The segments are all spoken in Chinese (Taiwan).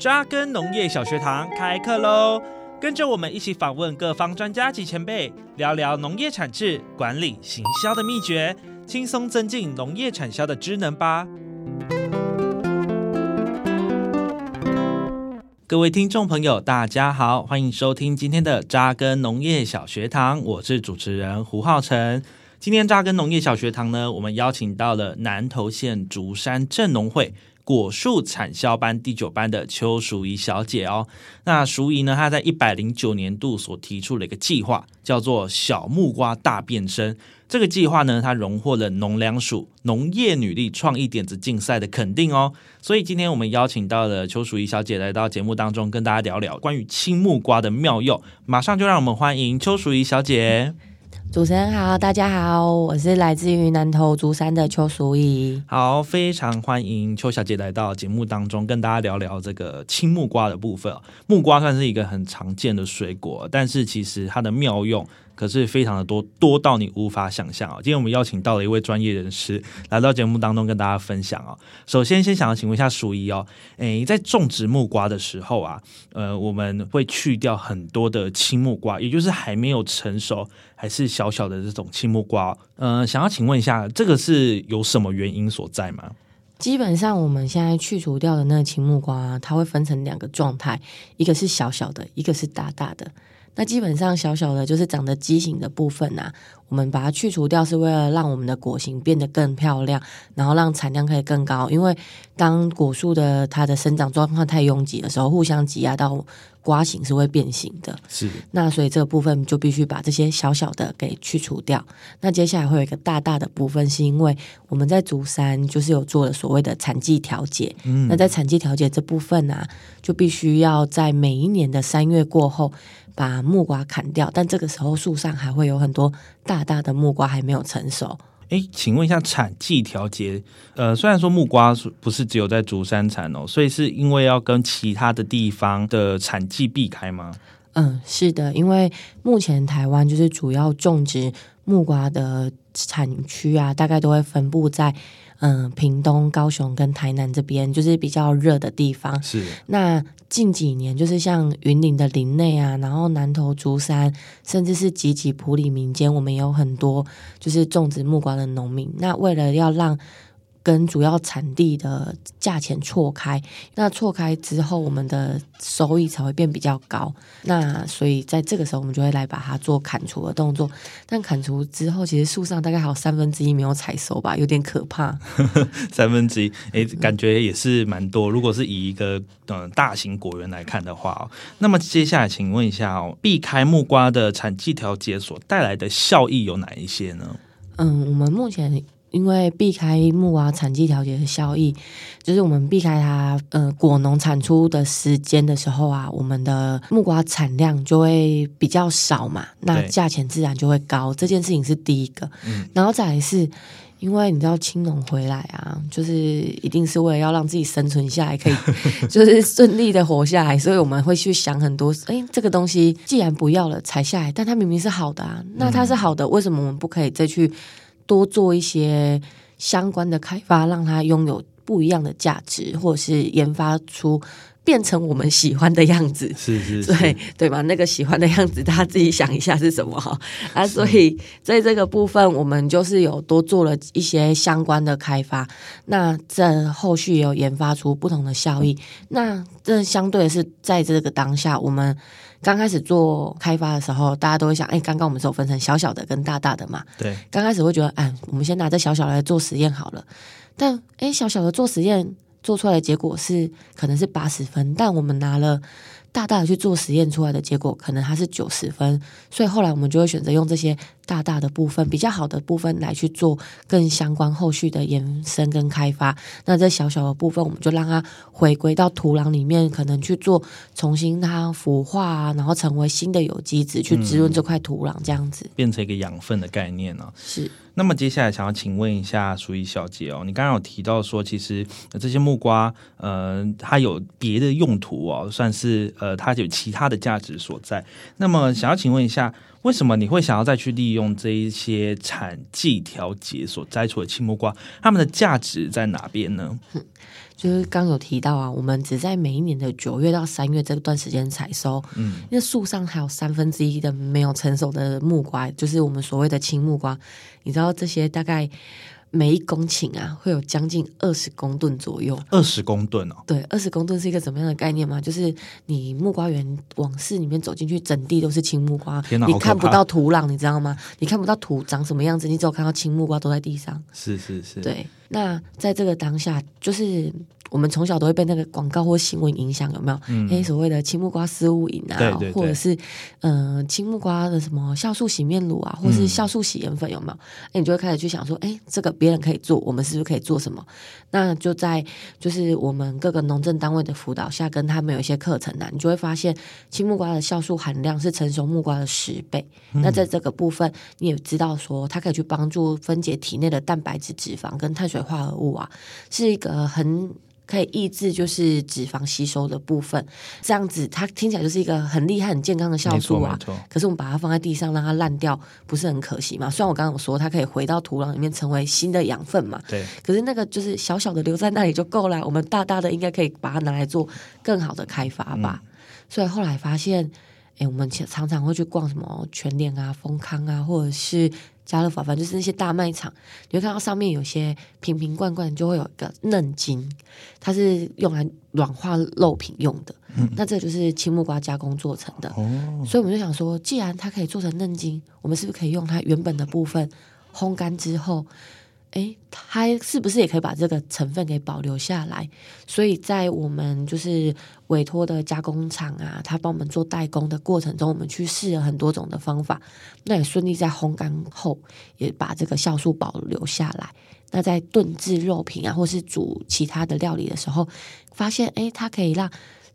紮根農業小學堂開課嘍！跟着我們一起訪問各方專家及前輩，聊聊農業產製、管理、行銷的祕訣，輕鬆增進農業產銷的知能吧。各位聽眾朋友，大家好，歡迎收聽今天的紮根農業小學堂，我是主持人胡浩辰。今天紮根農業小學堂呢，我們邀請到了南投縣竹山鎮農會。果樹產銷班第九班的邱淑怡小姐哦，那淑怡呢，她在一百零九年度所提出了一個計劃，叫做“小木瓜大變身”。這個計劃呢，它榮獲了農糧署農業女力創意點子競賽的肯定哦。所以今天我們邀請到了邱淑怡小姐來到節目當中，跟大家聊聊關於青木瓜的妙用。馬上就讓我們歡迎邱淑怡小姐。主持人好，大家好，我是來自於南投竹山的邱淑怡。好，非常歡迎邱小姐來到節目當中，跟大家聊聊這個青木瓜的部分。木瓜算是一個很常見的水果，但是其實它的妙用可是非常的多，多到你無法想象。今天我們邀請到了一位專業人士來到節目當中，跟大家分享哦。首先，先想要請問一下淑怡哦，哎、欸，在種植木瓜的時候啊，呃，我們會去掉很多的青木瓜，也就是還沒有成熟。還是小小的這種青木瓜，嗯、呃，想要請問一下，這個是有什麼原因所在嗎？基本上我們現在去除掉的那個青木瓜、啊，它會分成兩個狀態，一個是小小的，一個是大大的。那基本上小小的，就是長得畸形的部分啊，我們把它去除掉，是為了讓我們的果形變得更漂亮，然後讓產量可以更高。因為當果樹的它的生長狀況太擁擠的時候，互相擠壓到。瓜形是會變形的，是。那所以這個部分就必須把這些小小的給去除掉。那接下來會有一個大大的部分，是因為我們在竹山就是有做了所謂的產季調節。嗯，那在產季調節這部分呢、啊，就必須要在每一年的三月過後把木瓜砍掉，但這個時候樹上還會有很多大大的木瓜還沒有成熟。哎，請問一下，產季調節，呃，雖然說木瓜不是只有在竹山產哦，所以是因為要跟其他的地方的產季避開嗎？嗯，是的，因為目前台灣就是主要種植木瓜的產區啊，大概都會分布在。嗯，屏東、高雄跟台南這邊就是比較熱的地方。是，那近幾年就是像雲林的林內啊，然後南投竹山，甚至是集集、埔里民間，我們也有很多就是種植木瓜的農民。那為了要讓跟主要產地的價錢錯開，那錯開之後，我們的收益才會變比較高。那所以在這個時候，我們就會來把它做砍除的動作。但砍除之後，其實樹上大概還有三分之一沒有採收吧，有點可怕。 三分之一，誒、欸，感覺也是蠻多、嗯。如果是以一個嗯、呃、大型果園來看的話，哦，那麼接下來請問一下哦，避開木瓜的產季調節所帶來的效益有哪一些呢？嗯，我們目前。因為避開木瓜產季調節的效益，就是我們避開它，呃，果農產出的時間的時候啊，我們的木瓜產量就會比較少嘛，那價錢自然就會高。這件事情是第一個。嗯、然後再來是因為你知道青農回來啊，就是一定是為了要讓自己生存下來，可以就是順利的活下來， 所以我們會去想很多，哎，這個東西既然不要了，採下來，但它明明是好的啊，那它是好的，嗯、為什麼我們不可以再去？多做一些相關的開發，讓它擁有不一樣的價值，或是研發出。變成我們喜歡的樣子，是是，是對，對對吧？那個喜歡的樣子，大家自己想一下是什麼哈？啊，所以在這個部分，我們就是有多做了一些相關的開發。那這後續也有研發出不同的效益。嗯、那這相對的是在這個當下，我們剛開始做開發的時候，大家都會想：哎、欸，剛剛我們是有分成小小的跟大大的嘛？對。剛開始會覺得：哎、欸，我們先拿這小小來做實驗好了。但哎、欸，小小的做實驗。做出來的結果是可能是八十分，但我們拿了大大的去做實驗出來的結果，可能它是九十分，所以後來我們就會選擇用這些。大大的部分比較好的部分來去做更相關後續的延伸跟開發，那這小小的部分我們就讓它回歸到土壤裡面，可能去做重新它腐化啊，然後成為新的有機質去滋潤這塊土壤，這樣子、嗯、變成一個養分的概念啊。是。那麼接下來想要請問一下淑怡小姐哦，你剛剛有提到說其實這些木瓜，呃，它有別的用途哦，算是呃，它有其他的價值所在。那麼想要請問一下。嗯為什麼你會想要再去利用這一些產季調節所摘出的青木瓜，它們的價值在哪邊呢？就是剛有提到啊，我們只在每一年的九月到三月這段時間採收，嗯，因為那樹上還有三分之一的沒有成熟的木瓜，就是我們所謂的青木瓜，你知道這些大概？每一公頃啊，會有將近二十公噸左右。二十公噸哦。對，二十公噸是一個怎麼樣的概念嗎？就是你木瓜園往市裡面走進去，整地都是青木瓜，你看不到土壤，你知道嗎？你看不到土長什麼樣子，你只有看到青木瓜都在地上。是是是。對，那在這個當下，就是。我們從小都會被那個廣告或新聞影響，有沒有？哎、嗯、欸，所謂的青木瓜四物飲啊，啊對對對，或者是嗯、呃，青木瓜的什麼酵素洗面乳啊，或是酵素洗顏粉、嗯，有沒有？哎、欸，你就會開始去想說，哎、欸，這個別人可以做，我們是不是可以做什麼？那就在就是我們各個農政單位的輔導下，跟他們有一些課程啊，你就會發現青木瓜的酵素含量是成熟木瓜的十倍。嗯、那在這個部分，你也知道說，它可以去幫助分解體內的蛋白質、脂肪跟碳水化合物啊，是一個很。可以抑制就是脂肪吸收的部分，這樣子它聽起來就是一個很厲害、很健康的酵素啊。沒錯，沒錯。可是我們把它放在地上讓它爛掉，不是很可惜嗎？雖然我剛剛有說它可以回到土壤裡面成為新的養分嘛。對。可是那個就是小小的留在那裡就夠了，我們大大的應該可以把它拿來做更好的開發吧。嗯、所以後來發現，哎、欸，我們常常會去逛什麼全聯啊、楓康啊，或者是。家樂福，反正就是那些大賣場，你會看到上面有些瓶瓶罐罐，就會有一個嫩精，它是用來軟化肉品用的。嗯嗯。那這就是青木瓜加工做成的。哦。所以我們就想說，既然它可以做成嫩精，我們是不是可以用它原本的部分烘乾之後？哎，它是不是也可以把這個成分給保留下來？所以在我們就是委託的加工廠啊，他幫我們做代工的過程中，我們去試了很多種的方法，那也順利在烘乾後，也把這個酵素保留下來。那在燉制肉品啊，或是煮其他的料理的時候，發現哎，它可以讓。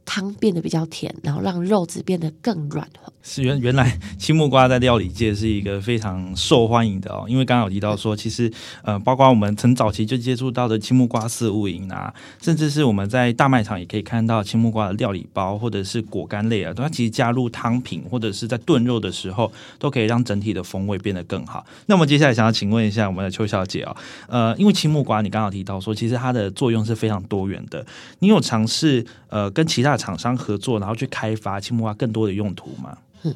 湯變得比較甜，然後讓肉質變得更軟。是原原來青木瓜在料理界是一個非常受歡迎的哦，因為剛剛有提到說，其實呃，包括我們從早期就接觸到的青木瓜四物飲啊，甚至是我們在大賣場也可以看到青木瓜的料理包或者是果乾類啊，都它其實加入湯品或者是在燉肉的時候，都可以讓整體的風味變得更好。那我們接下來想要請問一下我們的邱小姐哦，呃，因為青木瓜你剛剛有提到說，其實它的作用是非常多元的，你有嘗試呃跟其他的廠商合作，然後去開發青木瓜更多的用途嗎？嗯，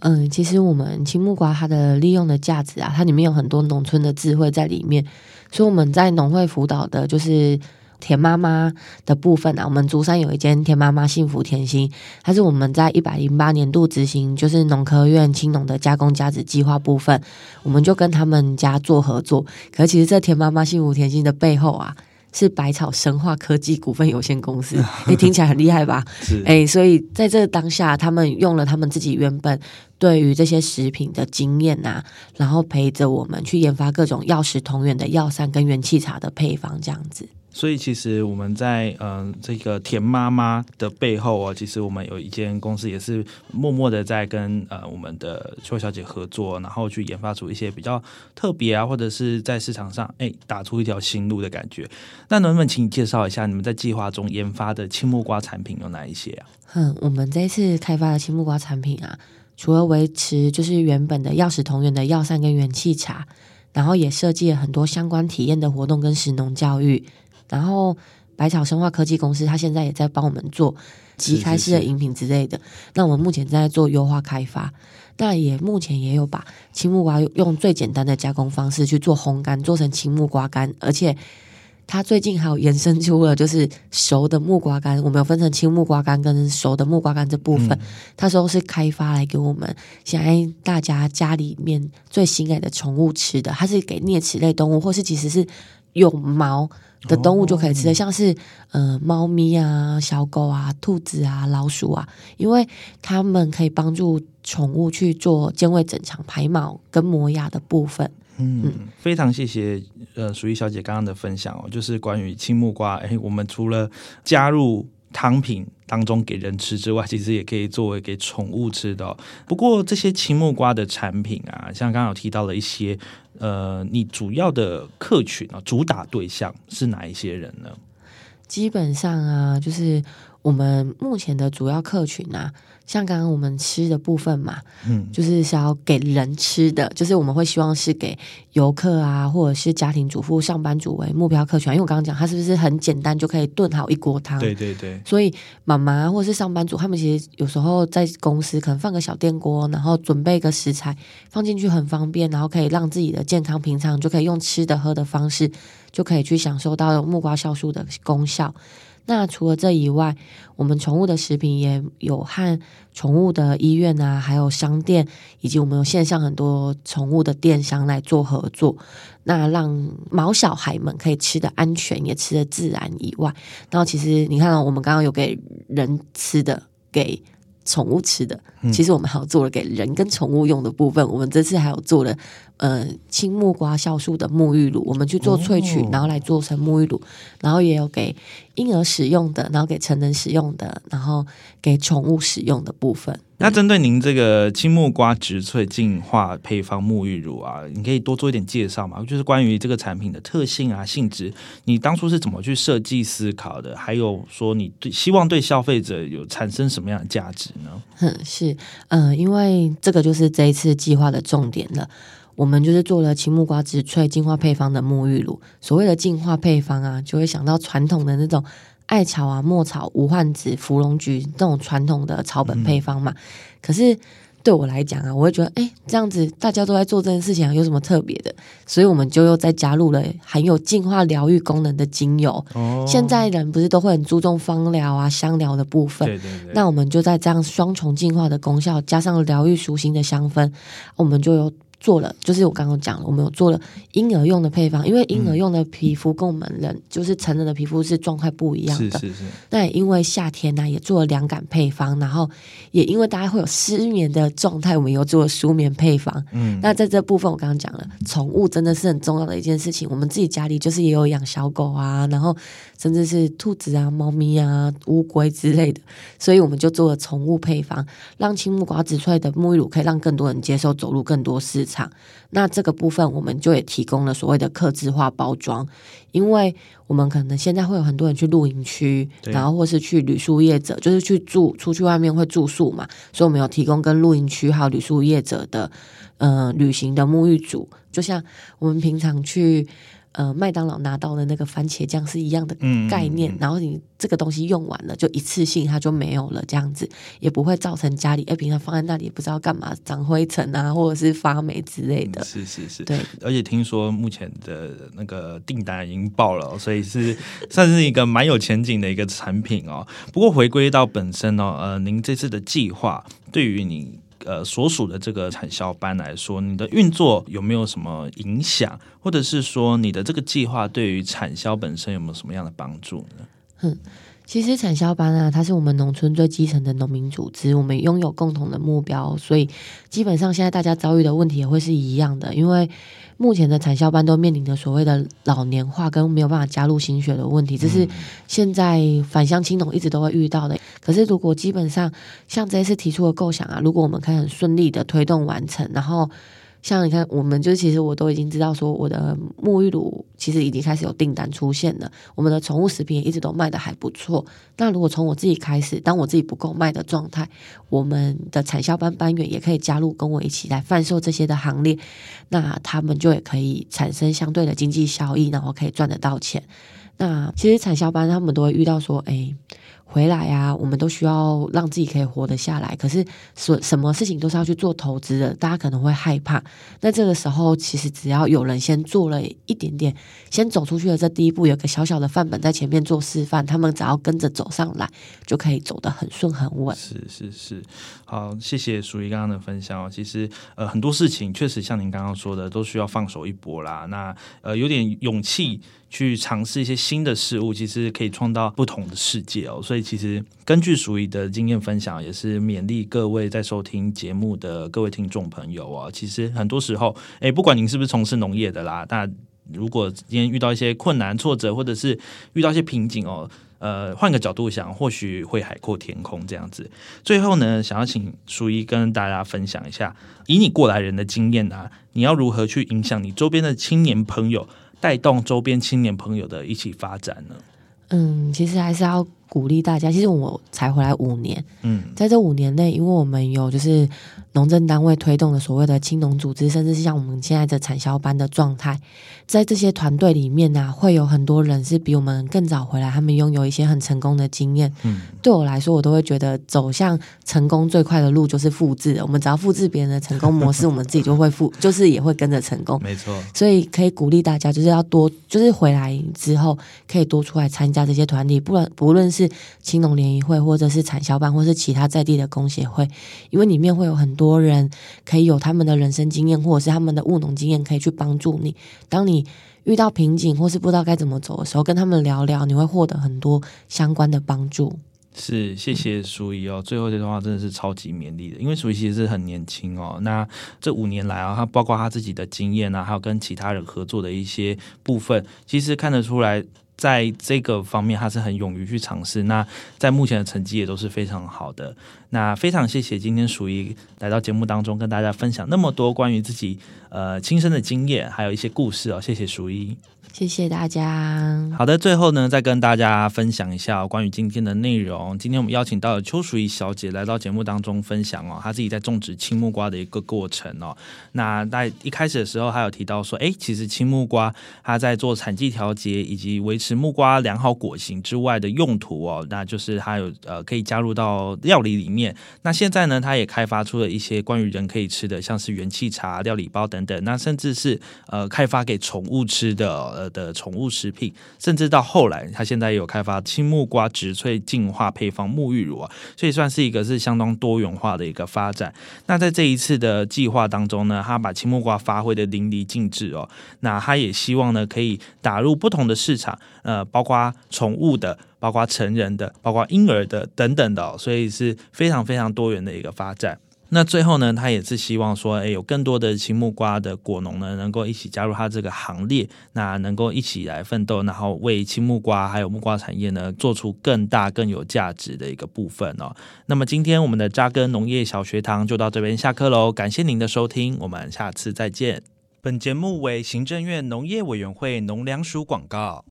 嗯，其實我們青木瓜它的利用的價值啊，它裡面有很多農村的智慧在裡面，所以我們在農會輔導的，就是田媽媽的部分啊，我們竹山有一間田媽媽幸福甜心，它是我們在一百零八年度執行，就是農科院青農的加工加值計劃部分，我們就跟他們家做合作。可是其實，在田媽媽幸福甜心的背後啊，是百草生化科技股份有限公司，哎聽起來很厲害吧？ 是哎，所以在這當下，他們用了他們自己原本對於這些食品的經驗吶、啊，然後陪着我們去研發各種藥食同源的藥膳跟元氣茶的配方，這樣子。所以其實我們在嗯、呃、這個田媽媽的背後啊、哦，其實我們有一間公司也是默默的在跟呃我們的邱小姐合作，然後去研發出一些比較特別啊，或者是在市場上哎打出一條新路的感覺。那能不能請你介紹一下你們在計劃中研發的青木瓜產品有哪一些啊？哼，我們這次開發的青木瓜產品啊，除了維持就是原本的藥食同源的藥膳跟元氣茶，然後也設計了很多相關體驗的活動跟食農教育。然後，百草生化科技公司，它現在也在幫我們做即開式的飲品之類的。是是是。那我們目前正在做優化開發，那也目前也有把青木瓜用最簡單的加工方式去做烘乾，做成青木瓜乾，而且。它最近還有延伸出了就是熟的木瓜乾，我們有分成青木瓜乾跟熟的木瓜乾這部分，他、嗯、說是開發來給我們，想讓大家家裡面最心愛的寵物吃的，它是給齧齒類動物，或是其實是有毛的動物就可以吃的，哦嗯、像是呃貓咪啊、小狗啊、兔子啊、老鼠啊，因為它們可以幫助寵物去做健胃、整腸、排毛跟磨牙的部分。嗯，非常謝謝呃，淑怡小姐剛剛的分享哦，就是關於青木瓜，哎、欸，我們除了加入湯品當中給人吃之外，其實也可以作為給寵物吃的，哦。不過這些青木瓜的產品啊，像剛剛有提到了一些，呃，你主要的客群啊，主打對象是哪一些人呢？基本上啊，就是。我們目前的主要客群啊，像剛剛我們吃的部分嘛，嗯，就是想要給人吃的，就是我們會希望是給遊客啊，或者是家庭主婦、上班族為目標客群啊。因為我剛剛講，他是不是很簡單就可以燉好一鍋湯？對對對。所以媽媽或是上班族，他們其實有時候在公司可能放個小電鍋，然後準備一個食材放進去，很方便，然後可以讓自己的健康，平常就可以用吃的喝的方式。就可以去享受到木瓜酵素的功效。那除了這以外，我們寵物的食品也有和寵物的醫院啊，還有商店，以及我們有線上很多寵物的電商來做合作，那讓毛小孩們可以吃的安全，也吃的自然以外，然後其實你看到、哦、我們剛剛有給人吃的給。寵物吃的，其實我們還有做了給人跟寵物用的部分。嗯、我們這次還有做了，呃，青木瓜酵素的沐浴乳，我們去做萃取，哦、然後來做成沐浴乳，然後也有給嬰兒使用的，然後給成人使用的，然後給寵物使用的部分。那針對您這個青木瓜植萃淨化配方沐浴乳啊，你可以多做一點介紹嘛？就是關於這個產品的特性啊、性質，你當初是怎麼去設計思考的？還有說你對希望對消費者有產生什麼樣的價值呢？哼、嗯，是，嗯、呃，因為這個就是這一次計劃的重點了。我們就是做了青木瓜植萃淨化配方的沐浴乳。所謂的淨化配方啊，就會想到傳統的那種。艾草啊、墨草、無患子、芙蓉菊這種傳統的草本配方嘛，嗯。可是對我來講啊，我會覺得，誒，這樣子大家都在做這件事情，有什麼特別的？所以我們就又再加入了含有淨化療癒功能的精油。哦，現在人不是都會很注重芳療啊、香療的部分。對對對，那我們就在這樣雙重淨化的功效，加上療癒舒心的香氛，我們就有。做了，就是我剛剛講了，我們有做了嬰兒用的配方，因為嬰兒用的皮膚跟我們人就是成人的皮膚是狀態不一樣的。是是是。那也因為夏天呢、啊，也做了涼感配方，然後也因為大家會有失眠的狀態，我們有做了舒眠配方。嗯。那在這部分，我剛剛講了，寵物真的是很重要的一件事情。我們自己家裡就是也有養小狗啊，然後甚至是兔子啊、貓咪啊、烏龜之類的，所以我們就做了寵物配方，讓青木瓜植出來的沐浴乳可以讓更多人接受，走路更多事。場，那這個部分我們就也提供了所謂的客製化包裝，因為我們可能現在會有很多人去露營區，然後或是去旅宿業者，就是去住出去外面會住宿嘛，所以我們有提供跟露營區還有旅宿業者的。呃，旅行的沐浴組，就像我們平常去呃麥當勞拿到的那個番茄醬是一樣的概念，嗯嗯嗯。然後你這個東西用完了，就一次性它就沒有了，這樣子也不會造成家裡哎，平常放在那裡也不知道幹嘛，長灰塵啊，或者是發霉之類的。是是是，對。而且聽說目前的那個訂單已經爆了，所以是算是一個蠻有前景的一個產品哦。不過回歸到本身哦，呃，您這次的計劃對於你。呃，所屬的這個產銷班來說，你的運作有沒有什麼影響？或者是說你的這個計劃對於產銷本身有沒有什麼樣的幫助呢？嗯其實產銷班啊，它是我們農村最基層的農民組織，我們擁有共同的目標，所以基本上現在大家遭遇的問題也會是一樣的。因為目前的產銷班都面臨着所謂的老年化跟沒有辦法加入新血的問題，這是現在返鄉青農一直都會遇到的。嗯。可是如果基本上像這一次提出的構想啊，如果我們可以很順利的推動完成，然後。像你看，我們就其實我都已經知道說，說我的沐浴乳其實已經開始有訂單出現了。我們的寵物食品一直都賣得還不錯。那如果從我自己開始，當我自己不夠賣的狀態，我們的產銷班班員也可以加入跟我一起來販售這些的行列。那他們就也可以產生相對的經濟效益，然後可以賺得到錢。那其實產銷班他們都會遇到說，哎。回來啊！我們都需要讓自己可以活得下來。可是什麼事情都是要去做投資的。大家可能會害怕，那這個時候，其實只要有人先做了一點點，先走出去的這第一步，有個小小的範本在前面做示範，他們只要跟着走上來，就可以走得很順很穩。是是是，好，謝謝淑怡剛剛的分享哦。其實，呃，很多事情確實像您剛剛說的，都需要放手一搏啦。那，呃，有點勇氣。去嘗試一些新的事物，其實可以創造不同的世界哦。所以，其實根據淑怡的經驗分享，也是勉勵各位在收聽節目的各位聽眾朋友哦。其實很多時候，哎、欸，不管您是不是從事農業的啦，那如果今天遇到一些困難、挫折，或者是遇到一些瓶頸哦，呃，換個角度想，或許會海闊天空這樣子。最後呢，想要請淑怡跟大家分享一下，以你過來人的經驗啊，你要如何去影響你周邊的青年朋友？帶動周邊青年朋友的一起發展呢？嗯，其實還是要。鼓勵大家。其實我才回來五年，嗯，在這五年內，因為我們有就是農政單位推動的所謂的青農組織，甚至是像我們現在的產銷班的狀態，在這些團隊裡面呢，會有很多人是比我們更早回來，他們擁有一些很成功的經驗。嗯，對我來說，我都會覺得走向成功最快的路就是複製。我們只要複製別人的成功模式， 我們自己就會複，就是也會跟着成功。沒錯。所以可以鼓勵大家，就是要多，就是回來之後可以多出來參加這些團體，不論不論是。是青農聯誼會，或者是產銷班，或者是其他在地的工協會，因為裡面會有很多人可以有他們的人生經驗，或者是他們的務農經驗，可以去幫助你。當你遇到瓶頸或是不知道該怎麼走的時候，跟他們聊聊，你會獲得很多相關的幫助。是，謝謝淑怡哦、嗯。最後這段話真的是超級勉勵的，因為淑怡其實是很年輕哦。那這五年來啊，他包括他自己的經驗啊，還有跟其他人合作的一些部分，其實看得出來。在這個方面，他是很勇於去嘗試。那在目前的成績也都是非常好的。那非常謝謝今天淑怡來到節目當中跟大家分享那麼多關於自己呃親身的經驗，還有一些故事哦。謝謝淑怡，謝謝大家。好的，最後呢，再跟大家分享一下哦，關於今天的內容。今天我們邀請到了邱淑怡小姐來到節目當中分享哦，她自己在種植青木瓜的一個過程哦。那在一開始的時候，她有提到說，哎、欸，其實青木瓜它在做產季調節以及維持。木瓜良好果型之外的用途哦，那就是它有呃可以加入到料理裡面。那現在呢，它也開發出了一些關於人可以吃的，像是元氣茶、料理包等等。那甚至是呃開發給寵物吃的呃的寵物食品，甚至到後來，它現在也有開發青木瓜植萃淨化配方沐浴乳，所以算是一個是相當多元化的一個發展。那在這一次的計劃當中呢，它把青木瓜發揮得淋漓盡致哦。那它也希望呢，可以打入不同的市場。呃，包括寵物的，包括成人的，包括嬰兒的等等的哦，所以是非常非常多元的一個發展。那最後呢，他也是希望說，哎，有更多的青木瓜的果農呢，能夠一起加入他這個行列，那能夠一起來奮鬥，然後為青木瓜還有木瓜產業呢，做出更大更有價值的一個部分哦。那麼今天我們的扎根農業小學堂就到這邊下課嘍，感謝您的收聽，我們下次再見。本節目為行政院農業委員會農糧署廣告。